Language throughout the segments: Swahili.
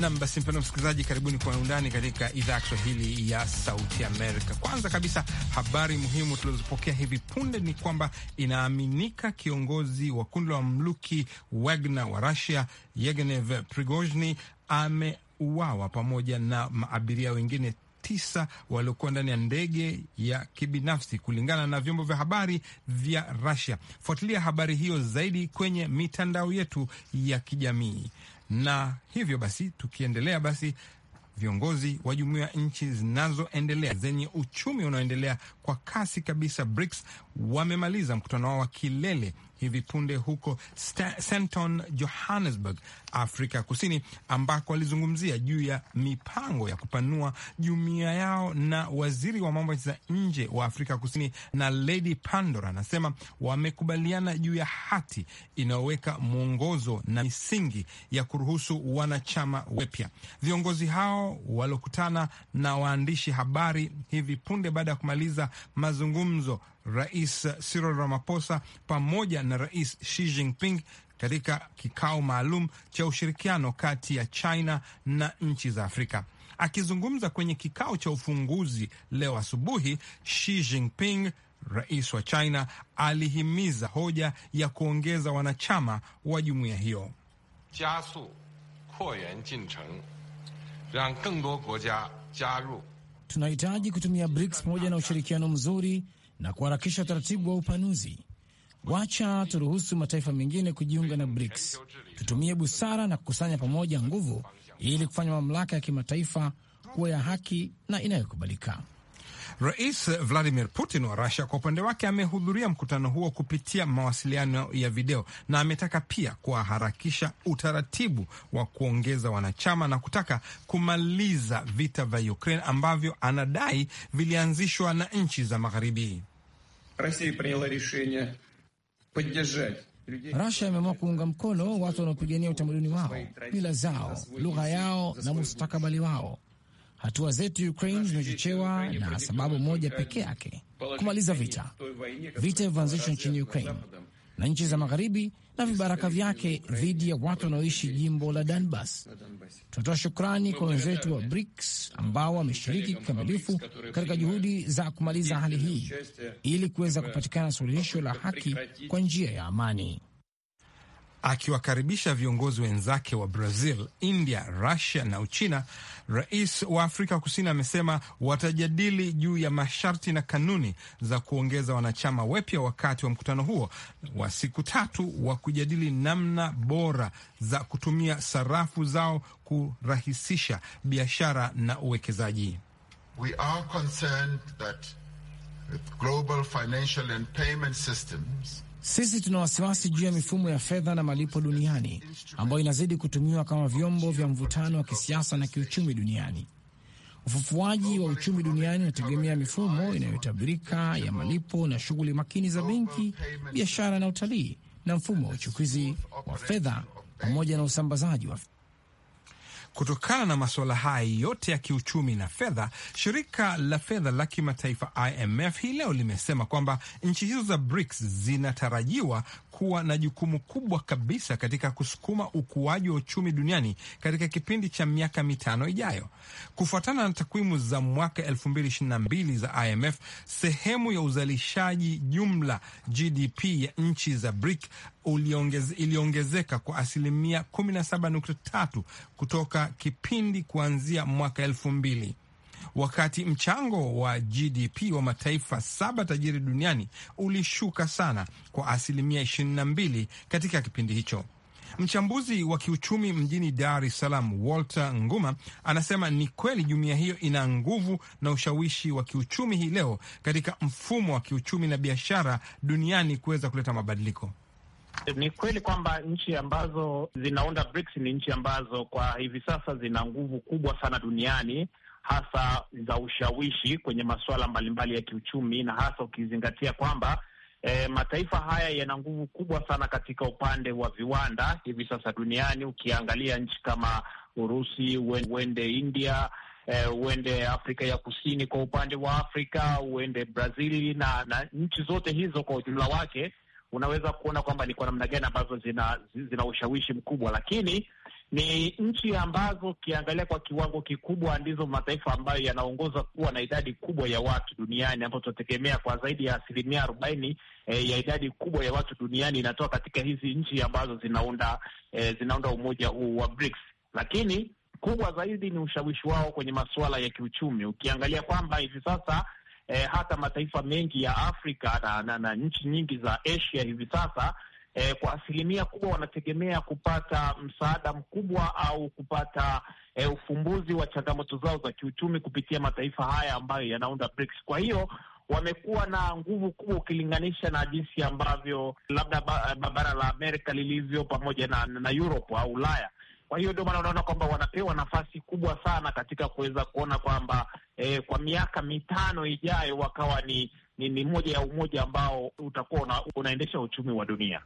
Nam basi, mpendwa msikilizaji, karibuni kwa undani katika idhaa ya Kiswahili ya Sauti Amerika. Kwanza kabisa, habari muhimu tulizopokea hivi punde ni kwamba inaaminika kiongozi wa kundi la wamluki Wagner wa Russia yegnev Prigozhin ameuawa pamoja na maabiria wengine tisa waliokuwa ndani ya ndege ya kibinafsi kulingana na vyombo vya habari vya Russia. Fuatilia habari hiyo zaidi kwenye mitandao yetu ya kijamii na hivyo basi tukiendelea basi viongozi wa jumuiya nchi zinazoendelea zenye uchumi unaoendelea kwa kasi kabisa BRICS wamemaliza mkutano wao wa kilele hivi punde huko Stanton, Johannesburg, Afrika Kusini, ambako walizungumzia juu ya mipango ya kupanua jumuiya yao. Na waziri wa mambo za nje wa Afrika Kusini na Lady Pandor anasema wamekubaliana juu ya hati inayoweka mwongozo na misingi ya kuruhusu wanachama wapya. Viongozi hao waliokutana na waandishi habari hivi punde baada ya kumaliza mazungumzo Rais Cyril Ramaphosa pamoja na Rais Xi Jinping katika kikao maalum cha ushirikiano kati ya China na nchi za Afrika. Akizungumza kwenye kikao cha ufunguzi leo asubuhi, Xi Jinping, rais wa China, alihimiza hoja ya kuongeza wanachama wa jumuiya hiyo. Tunahitaji kutumia BRICS pamoja na ushirikiano mzuri na kuharakisha utaratibu wa upanuzi Wacha turuhusu mataifa mengine kujiunga na BRICS. Tutumie busara na kukusanya pamoja nguvu ili kufanya mamlaka ya kimataifa kuwa ya haki na inayokubalika. Rais Vladimir Putin wa Rusia kwa upande wake amehudhuria mkutano huo kupitia mawasiliano ya video na ametaka pia kuwaharakisha utaratibu wa kuongeza wanachama na kutaka kumaliza vita vya Ukraine ambavyo anadai vilianzishwa na nchi za Magharibi. Rusia imeamua kuunga mkono watu wanaopigania utamaduni wao, mila zao, lugha yao na mustakabali wao. Hatua zetu Ukraine zimechochewa na sababu moja pekee yake, kumaliza vita, vita vilivyoanzishwa nchini Ukraine na nchi za magharibi na vibaraka vyake dhidi ya watu wanaoishi jimbo la Donbas. Tunatoa shukrani kwa wenzetu wa BRICS ambao wameshiriki kikamilifu katika juhudi za kumaliza hali hii ili kuweza kupatikana suluhisho la haki kwa njia ya amani. Akiwakaribisha viongozi wenzake wa Brazil, India, Rusia na Uchina, rais wa Afrika Kusini amesema watajadili juu ya masharti na kanuni za kuongeza wanachama wapya wakati wa mkutano huo wa siku tatu wa kujadili namna bora za kutumia sarafu zao kurahisisha biashara na uwekezaji. We are concerned that global financial and payment systems sisi tuna wasiwasi juu ya mifumo ya fedha na malipo duniani ambayo inazidi kutumiwa kama vyombo vya mvutano wa kisiasa na kiuchumi duniani. Ufufuaji wa uchumi duniani unategemea mifumo inayotabirika ya malipo na shughuli makini za benki, biashara na utalii, na mfumo wa uchukuzi wa fedha pamoja na usambazaji wa fedha. Kutokana na masuala haya yote ya kiuchumi na fedha, shirika la fedha la kimataifa IMF hii leo limesema kwamba nchi hizo za BRICS zinatarajiwa kuwa na jukumu kubwa kabisa katika kusukuma ukuaji wa uchumi duniani katika kipindi cha miaka mitano ijayo. Kufuatana na takwimu za mwaka 2022 za IMF, sehemu ya uzalishaji jumla GDP ya nchi za BRIC iliongezeka kwa asilimia 17.3 kutoka katika kipindi kuanzia mwaka elfu mbili wakati mchango wa GDP wa mataifa saba tajiri duniani ulishuka sana kwa asilimia 22 katika kipindi hicho. Mchambuzi wa kiuchumi mjini Dar es Salaam, Walter Nguma, anasema ni kweli jumuiya hiyo ina nguvu na ushawishi wa kiuchumi hii leo katika mfumo wa kiuchumi na biashara duniani kuweza kuleta mabadiliko. Ni kweli kwamba nchi ambazo zinaunda BRICS ni nchi ambazo kwa hivi sasa zina nguvu kubwa sana duniani, hasa za ushawishi kwenye masuala mbalimbali ya kiuchumi, na hasa ukizingatia kwamba e, mataifa haya yana nguvu kubwa sana katika upande wa viwanda hivi sasa duniani. Ukiangalia nchi kama Urusi, uende India eh, uende Afrika ya Kusini, kwa upande wa Afrika uende Brazili na, na nchi zote hizo kwa ujumla wake unaweza kuona kwamba ni kwa namna gani ambazo zina, zina ushawishi mkubwa, lakini ni nchi ambazo ukiangalia kwa kiwango kikubwa ndizo mataifa ambayo yanaongoza kuwa na idadi kubwa ya watu duniani, ambapo tunategemea kwa zaidi ya asilimia arobaini e, ya idadi kubwa ya watu duniani inatoka katika hizi nchi ambazo zinaunda e, zinaunda umoja huu wa BRICS. Lakini kubwa zaidi ni ushawishi wao kwenye masuala ya kiuchumi, ukiangalia kwamba hivi sasa eh, hata mataifa mengi ya Afrika na, na, na nchi nyingi za Asia hivi sasa eh, kwa asilimia kubwa wanategemea kupata msaada mkubwa au kupata eh, ufumbuzi wa changamoto zao za kiuchumi kupitia mataifa haya ambayo yanaunda BRICS. Kwa hiyo wamekuwa na nguvu kubwa ukilinganisha na jinsi ambavyo labda bara la Amerika lilivyo pamoja na, na Europe au Ulaya. Kwa hiyo ndio maana unaona kwamba wanapewa nafasi kubwa sana katika kuweza kuona kwamba eh, kwa miaka mitano ijayo wakawa ni, ni, ni moja ya umoja ambao utakuwa una, unaendesha uchumi wa dunia.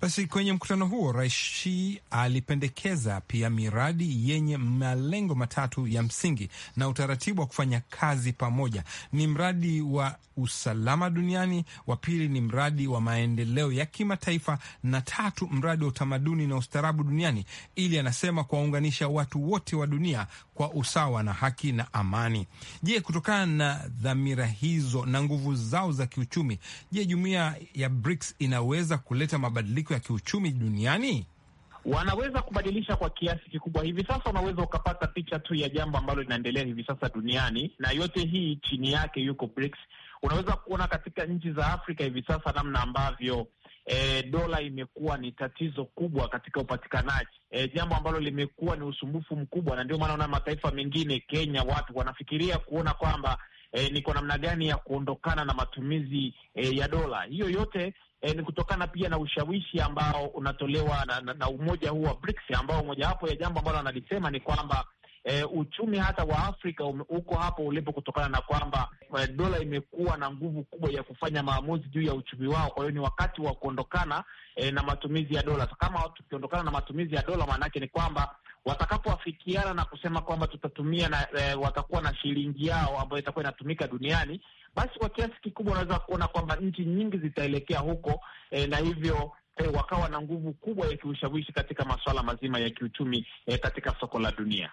Basi kwenye mkutano huo Rais Xi alipendekeza pia miradi yenye malengo matatu ya msingi na utaratibu wa kufanya kazi pamoja. Ni mradi wa usalama duniani, wa pili ni mradi wa maendeleo ya kimataifa, na tatu mradi wa utamaduni na ustaarabu duniani, ili anasema kuwaunganisha watu wote wa dunia kwa usawa na haki na amani. Je, kutokana na dhamira hizo na nguvu zao za kiuchumi, je, jumuiya ya BRICS inaweza kuleta mabadiliko ya kiuchumi duniani? Wanaweza kubadilisha kwa kiasi kikubwa. Hivi sasa unaweza ukapata picha tu ya jambo ambalo linaendelea hivi sasa duniani, na yote hii chini yake yuko BRICS. Unaweza kuona katika nchi za Afrika hivi sasa namna ambavyo e, dola imekuwa ni tatizo kubwa katika upatikanaji e, jambo ambalo limekuwa ni usumbufu mkubwa, na ndio maana unaona mataifa mengine, Kenya, watu wanafikiria kuona kwamba e, ni kwa namna gani ya kuondokana na matumizi e, ya dola hiyo yote. E, ni kutokana pia na ushawishi ambao unatolewa na, na, na umoja huu wa BRICS ambao mojawapo ya jambo ambalo analisema ni kwamba E, uchumi hata wa Afrika uko hapo ulipo kutokana na kwamba e, dola imekuwa na nguvu kubwa ya kufanya maamuzi juu ya uchumi wao. Kwa hiyo ni wakati wa kuondokana e, na matumizi ya dola. Kama tukiondokana na matumizi ya dola, maanake ni kwamba watakapoafikiana na kusema kwamba tutatumia na e, watakuwa na shilingi yao ambayo itakuwa inatumika duniani, basi kwa kiasi kikubwa unaweza kuona kwamba nchi nyingi zitaelekea huko e, na hivyo e, wakawa na nguvu kubwa ya kiushawishi katika masuala mazima ya kiuchumi e, katika soko la dunia.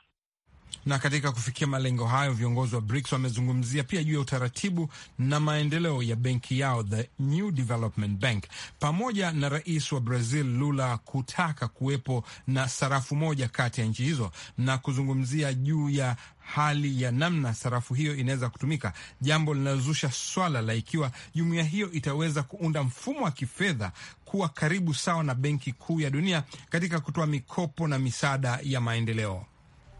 Na katika kufikia malengo hayo, viongozi wa BRICS wamezungumzia pia juu ya utaratibu na maendeleo ya benki yao the New Development Bank, pamoja na rais wa Brazil Lula kutaka kuwepo na sarafu moja kati ya nchi hizo na kuzungumzia juu ya hali ya namna sarafu hiyo inaweza kutumika, jambo linalozusha swala la ikiwa jumuiya hiyo itaweza kuunda mfumo wa kifedha kuwa karibu sawa na Benki Kuu ya Dunia katika kutoa mikopo na misaada ya maendeleo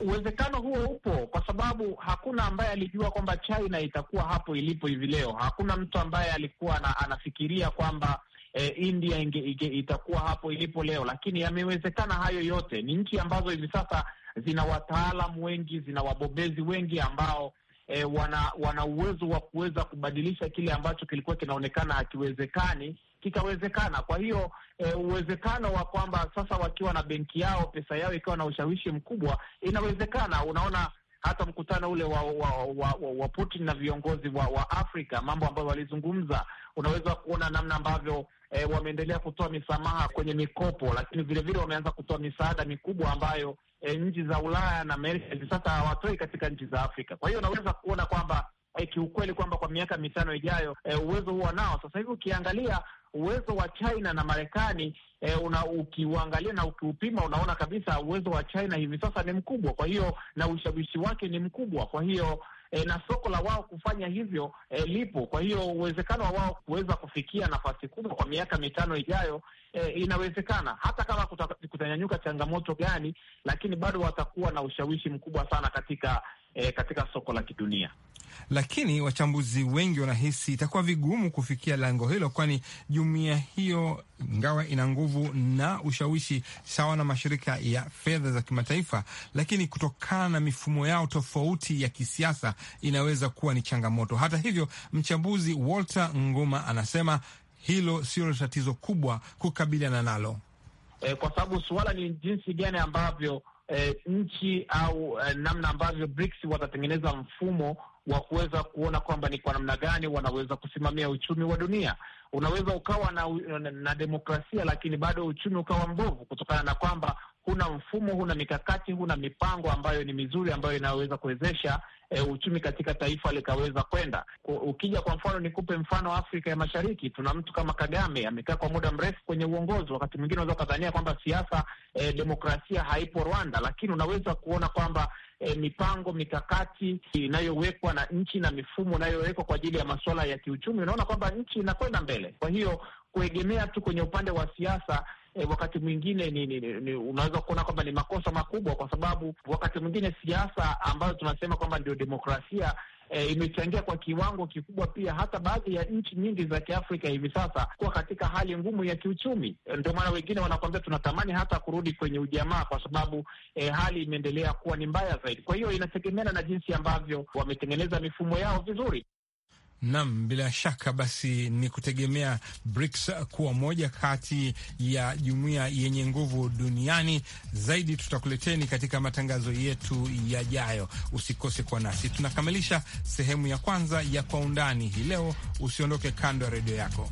uwezekano huo upo, kwa sababu hakuna ambaye alijua kwamba China itakuwa hapo ilipo hivi leo. Hakuna mtu ambaye alikuwa na, anafikiria kwamba E, India inge, inge, itakuwa hapo ilipo leo, lakini yamewezekana hayo yote. Ni nchi ambazo hivi sasa zina wataalamu wengi, zina wabobezi wengi ambao e, wana wana uwezo wa kuweza kubadilisha kile ambacho kilikuwa kinaonekana hakiwezekani kikawezekana. Kwa hiyo e, uwezekano wa kwamba sasa wakiwa na benki yao pesa yao ikiwa na ushawishi mkubwa inawezekana. Unaona hata mkutano ule wa wa, wa, wa, wa Putin na viongozi wa, wa Afrika, mambo ambayo walizungumza, unaweza kuona namna ambavyo e, wameendelea kutoa misamaha kwenye mikopo, lakini vilevile wameanza kutoa misaada mikubwa ambayo e, nchi za Ulaya na Amerika hivi sasa hawatoi katika nchi za Afrika. Kwa hiyo unaweza kuona kwamba eh, kiukweli kwamba kwa miaka mitano ijayo e, uwezo huwa nao sasa hivi ukiangalia uwezo wa China na Marekani E, una ukiuangalia na ukiupima unaona kabisa uwezo wa China hivi sasa ni mkubwa, kwa hiyo na ushawishi wake ni mkubwa, kwa hiyo e, na soko la wao kufanya hivyo e, lipo. Kwa hiyo uwezekano wa wao kuweza kufikia nafasi kubwa kwa miaka mitano ijayo e, inawezekana, hata kama kutanyanyuka changamoto gani, lakini bado watakuwa na ushawishi mkubwa sana katika eh, katika soko la kidunia. Lakini wachambuzi wengi wanahisi itakuwa vigumu kufikia lengo hilo, kwani jumuiya hiyo ingawa ina nguvu na ushawishi sawa na mashirika ya fedha za kimataifa, lakini kutokana na mifumo yao tofauti ya kisiasa inaweza kuwa ni changamoto. Hata hivyo, mchambuzi Walter Nguma anasema hilo sio tatizo kubwa kukabiliana nalo, e, kwa sababu suala ni jinsi gani ambavyo eh, nchi au eh, namna ambavyo BRICS watatengeneza mfumo wa kuweza kuona kwamba ni kwa namna gani wanaweza kusimamia uchumi wa dunia. Unaweza ukawa na, na, na demokrasia lakini bado uchumi ukawa mbovu kutokana na kwamba huna mfumo, huna mikakati, huna mipango ambayo ni mizuri ambayo inaweza kuwezesha e, uchumi katika taifa likaweza kwenda. Ukija kwa mfano, nikupe mfano wa Afrika ya Mashariki, tuna mtu kama Kagame amekaa kwa muda mrefu kwenye uongozi. Wakati mwingine unaweza ukadhania kwamba siasa, e, demokrasia haipo Rwanda, lakini unaweza kuona kwamba E, mipango mikakati inayowekwa na nchi na mifumo inayowekwa kwa ajili ya masuala ya kiuchumi, unaona kwamba nchi inakwenda mbele. Kwa hiyo kuegemea tu kwenye upande wa siasa e, wakati mwingine ni, ni, ni unaweza kuona kwamba ni makosa makubwa, kwa sababu wakati mwingine siasa ambazo tunasema kwamba ndio demokrasia E, imechangia kwa kiwango kikubwa pia hata baadhi ya nchi nyingi za Kiafrika hivi sasa kuwa katika hali ngumu ya kiuchumi. E, ndio maana wengine wanakuambia tunatamani hata kurudi kwenye ujamaa kwa sababu e, hali imeendelea kuwa ni mbaya zaidi. Kwa hiyo inategemeana na jinsi ambavyo wametengeneza mifumo yao vizuri. Nam, bila shaka basi ni kutegemea BRICS kuwa moja kati ya jumuiya yenye nguvu duniani zaidi. Tutakuleteni katika matangazo yetu yajayo, usikose kwa nasi. Tunakamilisha sehemu ya kwanza ya kwa undani hii leo. Usiondoke kando ya redio yako.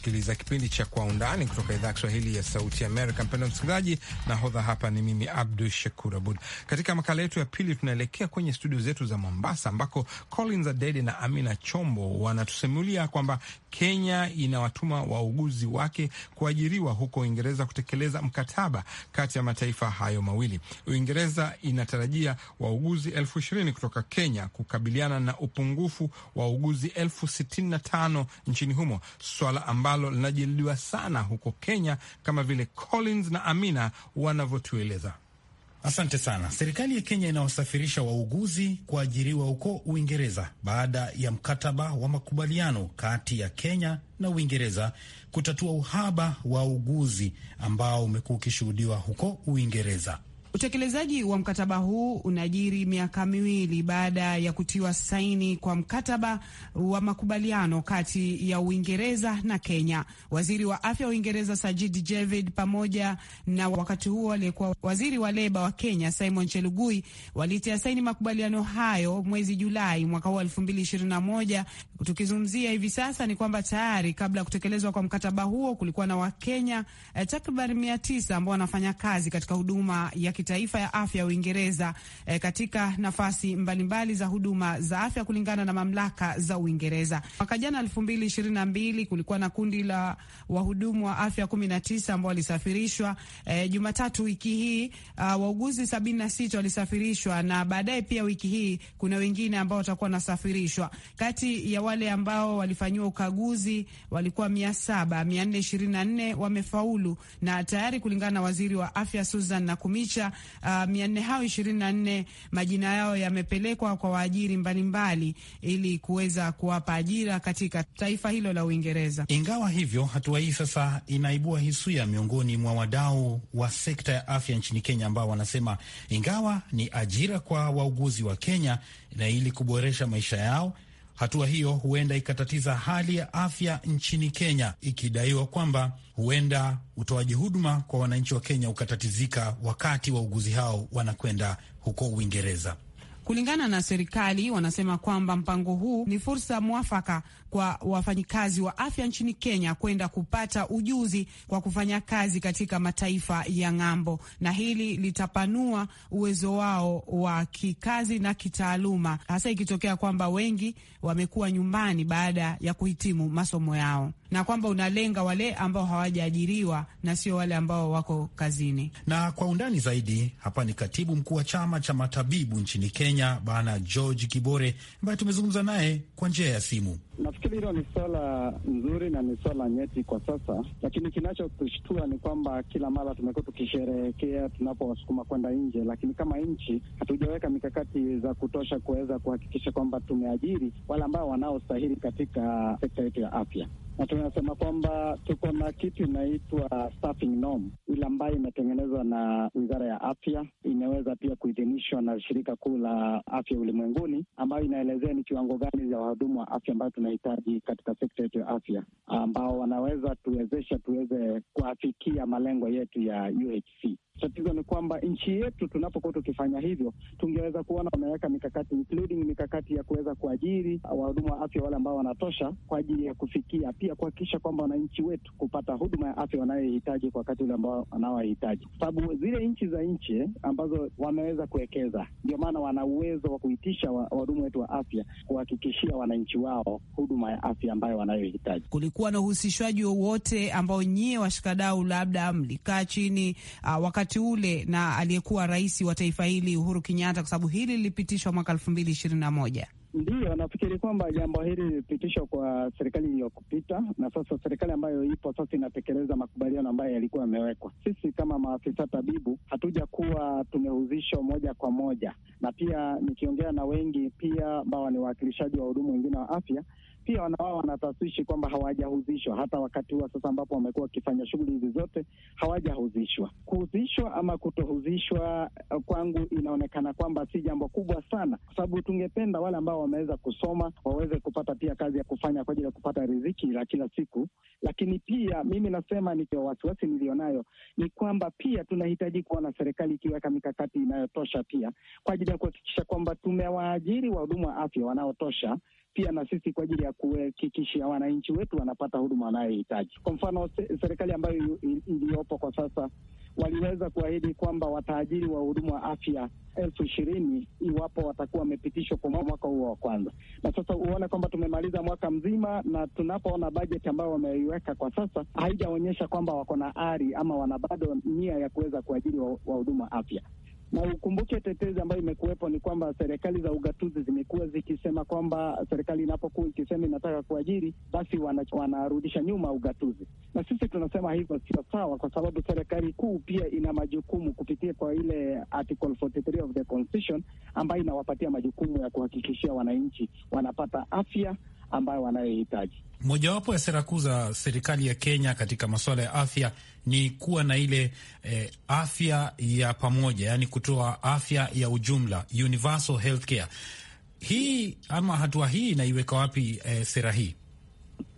kusikiliza kipindi cha Kwa Undani kutoka idhaa ya Kiswahili ya Sauti Amerika. Mpendo msikilizaji, nahodha hapa ni mimi Abdu Shakur Abud. Katika makala yetu ya pili, tunaelekea kwenye studio zetu za Mombasa ambako Collins Adede na Amina Chombo wanatusimulia kwamba Kenya inawatuma wauguzi wake kuajiriwa huko Uingereza kutekeleza mkataba kati ya mataifa hayo mawili. Uingereza inatarajia wauguzi elfu ishirini kutoka Kenya kukabiliana na upungufu wa wauguzi elfu sitini na tano nchini humo, swala amba ambalo linajadiliwa sana huko Kenya, kama vile Collins na Amina wanavyotueleza. Asante sana. Serikali ya Kenya inawasafirisha wauguzi kuajiriwa huko Uingereza baada ya mkataba wa makubaliano kati ya Kenya na Uingereza kutatua uhaba wa uguzi ambao umekuwa ukishuhudiwa huko Uingereza. Utekelezaji wa mkataba huu unajiri miaka miwili baada ya kutiwa saini kwa mkataba wa makubaliano kati ya Uingereza na Kenya. Waziri wa afya wa Uingereza Sajid Javid pamoja na wakati huo aliyekuwa waziri wa leba wa Kenya Simon Chelugui walitia saini makubaliano hayo mwezi Julai mwaka huu elfu mbili ishirini na moja. Tukizungumzia hivi sasa ni kwamba tayari kabla ya kutekelezwa kwa mkataba huo kulikuwa na Wakenya eh, takriban mia tisa ambao wanafanya kazi katika huduma ya kitaifa ya afya ya Uingereza eh, katika nafasi mbalimbali mbali za huduma za afya kulingana na mamlaka za Uingereza. Mwaka jana elfu mbili ishirini na mbili kulikuwa na kundi la wahudumu wa afya kumi na tisa ambao walisafirishwa. eh, Jumatatu wiki hii uh, wauguzi sabini na sita walisafirishwa na baadaye pia wiki hii kuna wengine ambao watakuwa wanasafirishwa. Kati ya wale ambao walifanyiwa ukaguzi walikuwa mia mia saba nne ishirini na nne wamefaulu na tayari kulingana na waziri wa afya Susan Nakumicha uh, mia nne hao ishirini na nne majina yao yamepelekwa kwa waajiri mbalimbali ili kuweza kuwapa ajira katika taifa hilo la Uingereza. Ingawa hivyo, hatua hii sasa inaibua hisia miongoni mwa wadau wa sekta ya afya nchini Kenya ambao wanasema ingawa ni ajira kwa wauguzi wa Kenya na ili kuboresha maisha yao Hatua hiyo huenda ikatatiza hali ya afya nchini Kenya, ikidaiwa kwamba huenda utoaji huduma kwa wananchi wa Kenya ukatatizika wakati wauguzi hao wanakwenda huko Uingereza. Kulingana na serikali, wanasema kwamba mpango huu ni fursa mwafaka kwa wafanyikazi wa afya nchini Kenya kwenda kupata ujuzi kwa kufanya kazi katika mataifa ya ng'ambo, na hili litapanua uwezo wao wa kikazi na kitaaluma, hasa ikitokea kwamba wengi wamekuwa nyumbani baada ya kuhitimu masomo yao, na kwamba unalenga wale ambao hawajaajiriwa na sio wale ambao wako kazini. Na kwa undani zaidi, hapa ni katibu mkuu wa chama cha matabibu nchini Kenya Kenya Bwana George Kibore ambaye tumezungumza naye kwa njia ya simu. Nafikiri hilo ni swala nzuri na ni swala nyeti kwa sasa, lakini kinachotushtua ni kwamba kila mara tumekuwa tukisherehekea tunapowasukuma kwenda nje, lakini kama nchi hatujaweka mikakati za kutosha kuweza kuhakikisha kwamba tumeajiri wale ambao wanaostahili katika sekta yetu ya afya na tunasema kwamba tuko na kitu inaitwa staffing norm, ile ambayo imetengenezwa na wizara ya afya, imeweza pia kuidhinishwa na shirika kuu la afya ulimwenguni, ambayo inaelezea ni kiwango gani cha wahudumu wa afya ambayo tunahitaji katika sekta yetu ya afya, ambao wanaweza tuwezesha tuweze kuafikia malengo yetu ya UHC. Tatizo ni kwamba nchi yetu tunapokuwa tukifanya hivyo, tungeweza kuona wameweka mikakati including mikakati ya kuweza kuajiri uh, wahudumu wa afya wale ambao wanatosha kwa ajili ya kufikia, pia kuhakikisha kwamba wananchi wetu kupata huduma ya afya wanayohitaji kwa wakati ule ambao wanaohitaji, kwa sababu zile nchi za nchi ambazo wameweza kuwekeza, ndio maana wana uwezo wa kuitisha wahudumu wetu wa afya kuhakikishia wananchi wao huduma ya afya ambayo wanayohitaji. Kulikuwa na uhusishwaji wowote ambao nyie washikadau labda mlikaa chini uh, wakati wakati ule na aliyekuwa rais wa taifa hili Uhuru Kenyatta, kwa sababu hili lilipitishwa mwaka elfu mbili ishirini na moja. Ndiyo, nafikiri kwamba jambo hili lilipitishwa kwa serikali iliyokupita na sasa serikali ambayo ipo sasa inatekeleza makubaliano ambayo yalikuwa yamewekwa. Sisi kama maafisa tabibu hatuja kuwa tumehuzishwa moja kwa moja, na pia nikiongea na wengi pia ambao ni wawakilishaji wa huduma wengine wa afya pia wao wanataswishi kwamba hawajahuzishwa hata wakati huwa sasa ambapo wamekuwa wakifanya shughuli hizi zote hawajahuzishwa. Kuhuzishwa ama kutohuzishwa eh, kwangu inaonekana kwamba si jambo kubwa sana, kwa sababu tungependa wale ambao wameweza kusoma waweze kupata pia kazi ya kufanya kwa ajili ya kupata riziki la kila siku. Lakini pia mimi nasema ni wasiwasi nilionayo ni kwamba pia tunahitaji kuona serikali ikiweka mikakati inayotosha pia kwa ajili ya kuhakikisha kwamba tumewaajiri wahudumu wa afya wanaotosha pia na sisi kwa ajili ya kuhakikisha wananchi wetu wanapata huduma wanayohitaji. Kwa mfano, serikali ambayo iliyopo kwa sasa waliweza kuahidi kwamba wataajiri wahudumu wa afya elfu ishirini iwapo watakuwa wamepitishwa kwa mwaka huo wa kwanza, na sasa huone kwamba tumemaliza mwaka mzima, na tunapoona bajeti ambayo wameiweka kwa sasa haijaonyesha kwamba wako na ari ama wana bado nia ya kuweza kuajiri wahudumu wa afya na ukumbuke tetezi ambayo imekuwepo ni kwamba serikali za ugatuzi zimekuwa zikisema kwamba serikali inapokuwa ikisema inataka kuajiri, basi wana, wanarudisha nyuma ugatuzi, na sisi tunasema hivyo sio sawa, kwa sababu serikali kuu pia ina majukumu kupitia kwa ile article 43 of the constitution ambayo inawapatia majukumu ya kuhakikishia wananchi wanapata afya ambayo wanayohitaji. Mojawapo ya sera kuu za serikali ya Kenya katika masuala ya afya ni kuwa na ile eh, afya ya pamoja, yani kutoa afya ya ujumla, universal healthcare. Hii ama hatua hii inaiweka wapi eh, sera hii?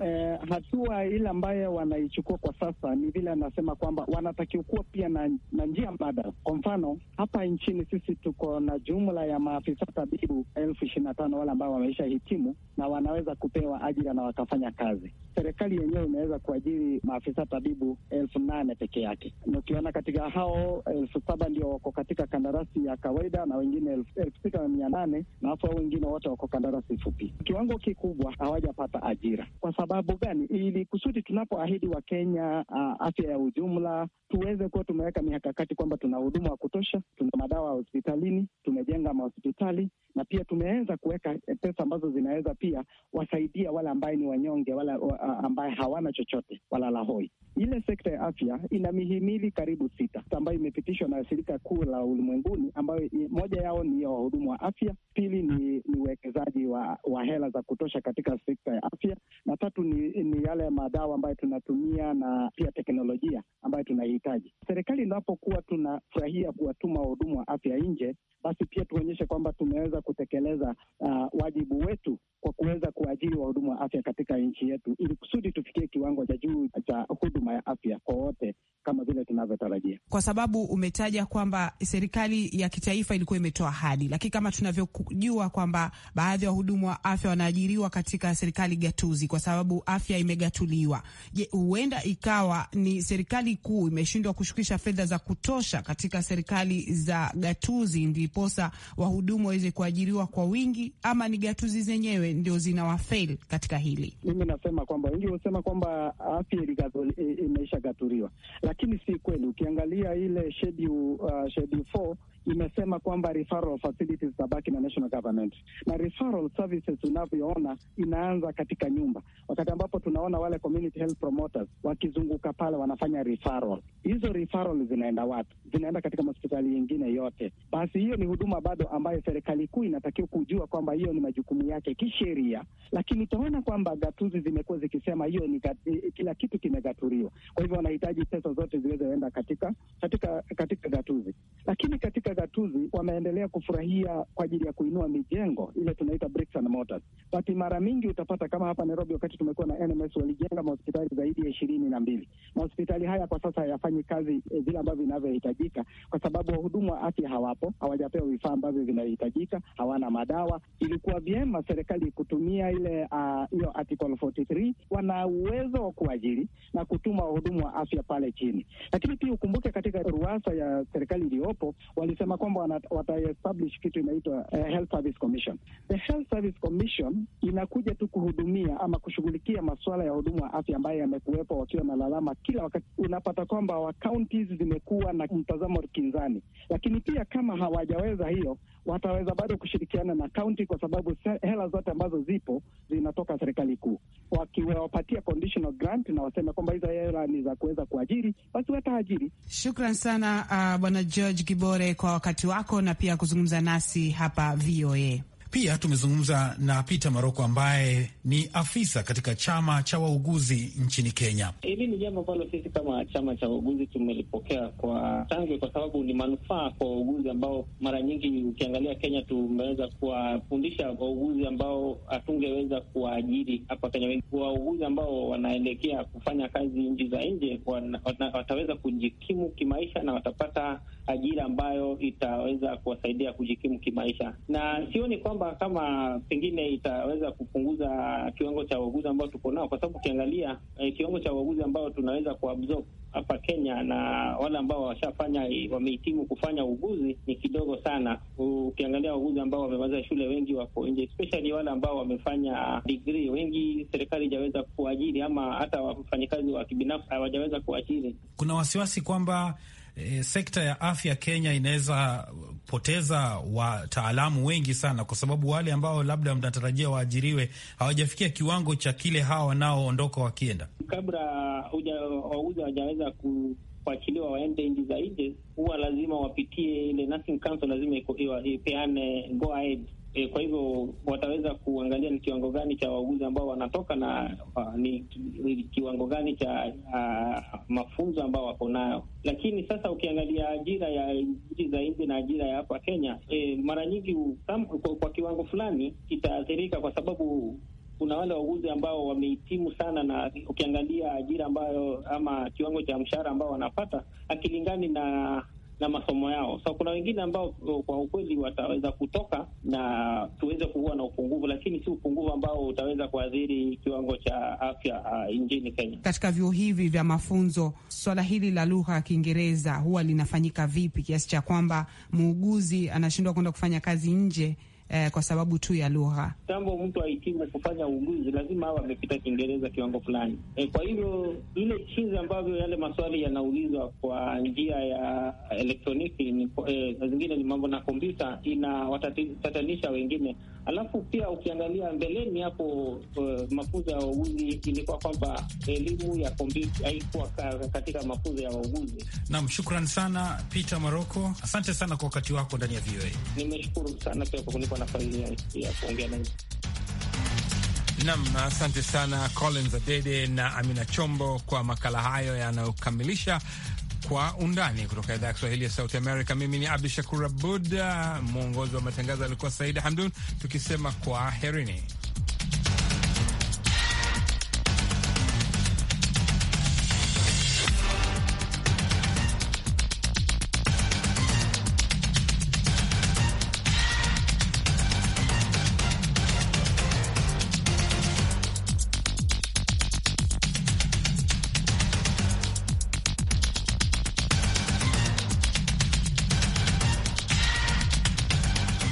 eh, hatua ile ambayo wanaichukua kwa sasa ni vile anasema kwamba wanatakiwa kuwa pia na, na njia mbadala. Kwa mfano hapa nchini sisi tuko na jumla ya maafisa tabibu elfu ishirini na tano wale ambao wameisha hitimu na wanaweza kupewa ajira na wakafanya kazi. Serikali yenyewe imeweza kuajiri maafisa tabibu elfu nane peke yake, na ukiona katika hao elfu saba ndio wako katika kandarasi ya kawaida na wengine elfu sita na mia nane na afu wengine wote wako kandarasi fupi. Kiwango kikubwa hawajapata ajira kwa sababu sababu gani? Ili kusudi tunapoahidi Wakenya uh, afya ya ujumla, tuweze kuwa tumeweka mikakati kwamba tuna huduma wa kutosha, tuna madawa hospitalini, tumejenga mahospitali na pia tumeweza kuweka eh, pesa ambazo zinaweza pia wasaidia wale ambaye ni wanyonge, wale ambaye hawana chochote, walala hoi. Ile sekta ya afya ina mihimili karibu sita ambayo imepitishwa na shirika kuu la ulimwenguni, ambayo moja yao ni ya wahudumu wa afya, pili ni uwekezaji wa, wa hela za kutosha katika sekta ya afya yale madawa ambayo tunatumia na pia teknolojia ambayo tunaihitaji. Serikali inapokuwa tunafurahia kuwatuma wahudumu wa afya nje, basi pia tuonyeshe kwamba tumeweza kutekeleza uh, wajibu wetu kwa kuweza kuajiri wahudumu wa afya katika nchi yetu, ili kusudi tufikie kiwango cha juu cha huduma ya afya kwa wote kama vile tunavyotarajia. Kwa sababu umetaja kwamba serikali ya kitaifa ilikuwa imetoa ahadi, lakini kama tunavyojua kwamba baadhi ya wahudumu wa afya wanaajiriwa katika serikali gatuzi, kwa sababu afya ime haijatuliwa. Je, huenda ikawa ni serikali kuu imeshindwa kushukisha fedha za kutosha katika serikali za gatuzi, ndiposa wahudumu waweze kuajiriwa kwa wingi, ama ni gatuzi zenyewe ndio zinawafeli katika hili? Mimi nasema kwamba niliosema kwamba afya imeisha gatuliwa, lakini si kweli. Ukiangalia ile schedule uh, schedule imesema kwamba referral facilities zitabaki na national government, na referral services unavyoona inaanza katika nyumba, wakati ambapo tunaona wale community health promoters wakizunguka pale wanafanya referral. Hizo referral zinaenda wapi? Zinaenda katika hospitali yingine yote. Basi hiyo ni huduma bado ambayo serikali kuu inatakiwa kujua kwamba hiyo ni majukumu yake kisheria, lakini utaona kwamba gatuzi zimekuwa zikisema hiyo ni eh, kila kitu kimegaturiwa kwa hivyo wanahitaji pesa zote ziwezeenda katika katika katika gatuzi, lakini katika gatuzi wameendelea kufurahia kwa ajili ya kuinua mijengo ile tunaita bricks and mortars, but mara mingi utapata kama hapa Nairobi, wakati tumekuwa na NMS walijenga mahospitali zaidi ya ishirini na mbili. Mahospitali haya kwa sasa hayafanyi kazi eh, vile ambavyo inavyohitajika, kwa sababu wahudumu wa afya hawapo, hawajapewa vifaa ambavyo vinahitajika, hawana madawa. Ilikuwa vyema serikali kutumia ile ah, hiyo uh, article 43 wana uwezo wa kuajiri na kutuma wahudumu wa afya pale chini, lakini pia ukumbuke katika ruasa ya serikali iliyopo walis kusema kwamba wataestablish kitu inaitwa uh, Health Service Commission. The Health Service Commission inakuja tu kuhudumia ama kushughulikia masuala ya huduma wa afya ambayo yamekuwepo wakiwa na lalama kila wakati. Unapata kwamba counties zimekuwa na mtazamo kinzani, lakini pia kama hawajaweza hiyo wataweza bado kushirikiana na kaunti, kwa sababu hela zote ambazo zipo zinatoka serikali kuu. Wakiwapatia conditional grant na waseme kwamba hizo hela ni za kuweza kuajiri, basi wataajiri. Shukran sana uh, Bwana George kibore kwa wakati wako na pia kuzungumza nasi hapa VOA. Pia tumezungumza na Peter Maroko ambaye ni afisa katika chama cha wauguzi nchini Kenya. Hili ni jambo ambalo sisi kama chama cha wauguzi tumelipokea kwa shangwe, kwa sababu ni manufaa kwa wauguzi ambao mara nyingi ukiangalia Kenya tumeweza kuwafundisha wauguzi ambao hatungeweza kuwaajiri hapa Kenya. Wengi wauguzi ambao wanaelekea kufanya kazi nchi za nje wataweza kujikimu kimaisha na watapata ajira ambayo itaweza kuwasaidia kujikimu kimaisha, na sioni kwamba kwamba kama pengine itaweza kupunguza kiwango cha wauguzi ambao tuko nao, kwa sababu ukiangalia eh, kiwango cha wauguzi ambao tunaweza kuabsorb hapa Kenya na wale ambao washafanya wamehitimu kufanya uuguzi ni kidogo sana. Ukiangalia wauguzi ambao wamemaliza shule wengi wako nje, especially wale ambao wamefanya degree. Wengi serikali ijaweza kuajiri ama hata wafanyakazi wa kibinafsi hawajaweza kuajiri. Kuna wasiwasi kwamba e, sekta ya afya Kenya inaweza poteza wataalamu wengi sana, kwa sababu wale ambao labda mnatarajia waajiriwe hawajafikia kiwango cha kile hawa wanaoondoka wakienda. Kabla wauza hawajaweza kuachiliwa waende nchi za nje, huwa lazima wapitie ile nursing council, lazima ipeane go ahead E, kwa hivyo wataweza kuangalia ni kiwango gani cha wauguzi ambao wanatoka na uh, ni, ni kiwango gani cha uh, mafunzo ambao wako nayo. Lakini sasa ukiangalia ajira ya nchi za nje na ajira ya hapa Kenya, e, mara nyingi kwa, kwa kiwango fulani itaathirika kwa sababu kuna wale wauguzi ambao wamehitimu sana, na ukiangalia ajira ambayo ama kiwango cha mshahara ambao wanapata akilingani na na masomo yao. So kuna wengine ambao uh, kwa ukweli wataweza kutoka na tuweze kuwa na upungufu, lakini si upungufu ambao utaweza kuathiri kiwango cha afya uh, nchini Kenya. Katika vyuo hivi vya mafunzo, swala hili la lugha ya Kiingereza huwa linafanyika vipi, kiasi cha kwamba muuguzi anashindwa kwenda kufanya kazi nje eh, kwa sababu tu ya lugha. Tambo mtu ahitimu kufanya uuguzi lazima awe amepita Kiingereza kiwango fulani. E, kwa hivyo ile chizi ambavyo yale maswali yanaulizwa kwa njia ya elektroniki, eh, zingine ni mambo na kompyuta, inawatatanisha wengine Alafu pia ukiangalia mbeleni hapo, uh, mafunzo ya wauguzi ilikuwa kwamba elimu ya kompyuta haikuwa katika mafunzo ya wauguzi. Naam, shukran sana Peter Maroko, asante sana kwa wakati wako ndani ya VOA. Nimeshukuru sana pia kwa kunipa nafasi ya ya kuongea nai Nam, asante sana Collins Adede na Amina Chombo kwa makala hayo yanayokamilisha kwa Undani kutoka idhaa ya Kiswahili ya Sauti Amerika. Mimi ni Abdu Shakur Abud, uh, mwongozi wa matangazo alikuwa Saida Hamdun, tukisema kwa herini.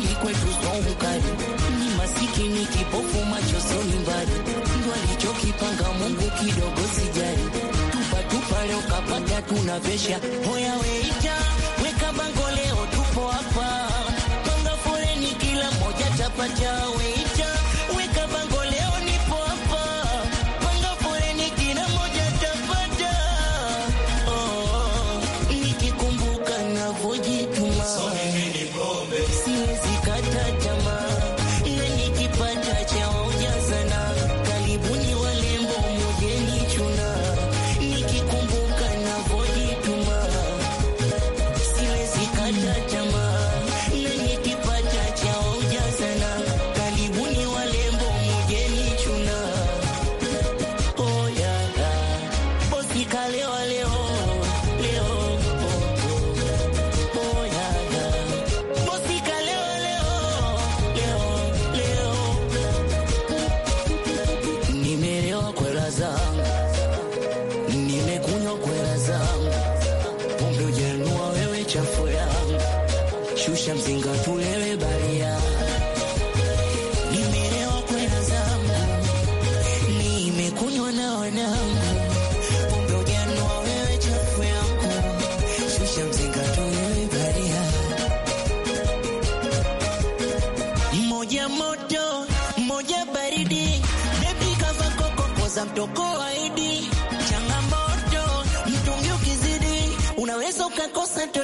mbali kwetu songu ni masikini kipofu macho soni mbali ndo alichokipanga Mungu kidogo sijali tupa tupa leo kapata tunavesha hoya weita weka bango leo tupo hapa panga foleni kila moja chapachao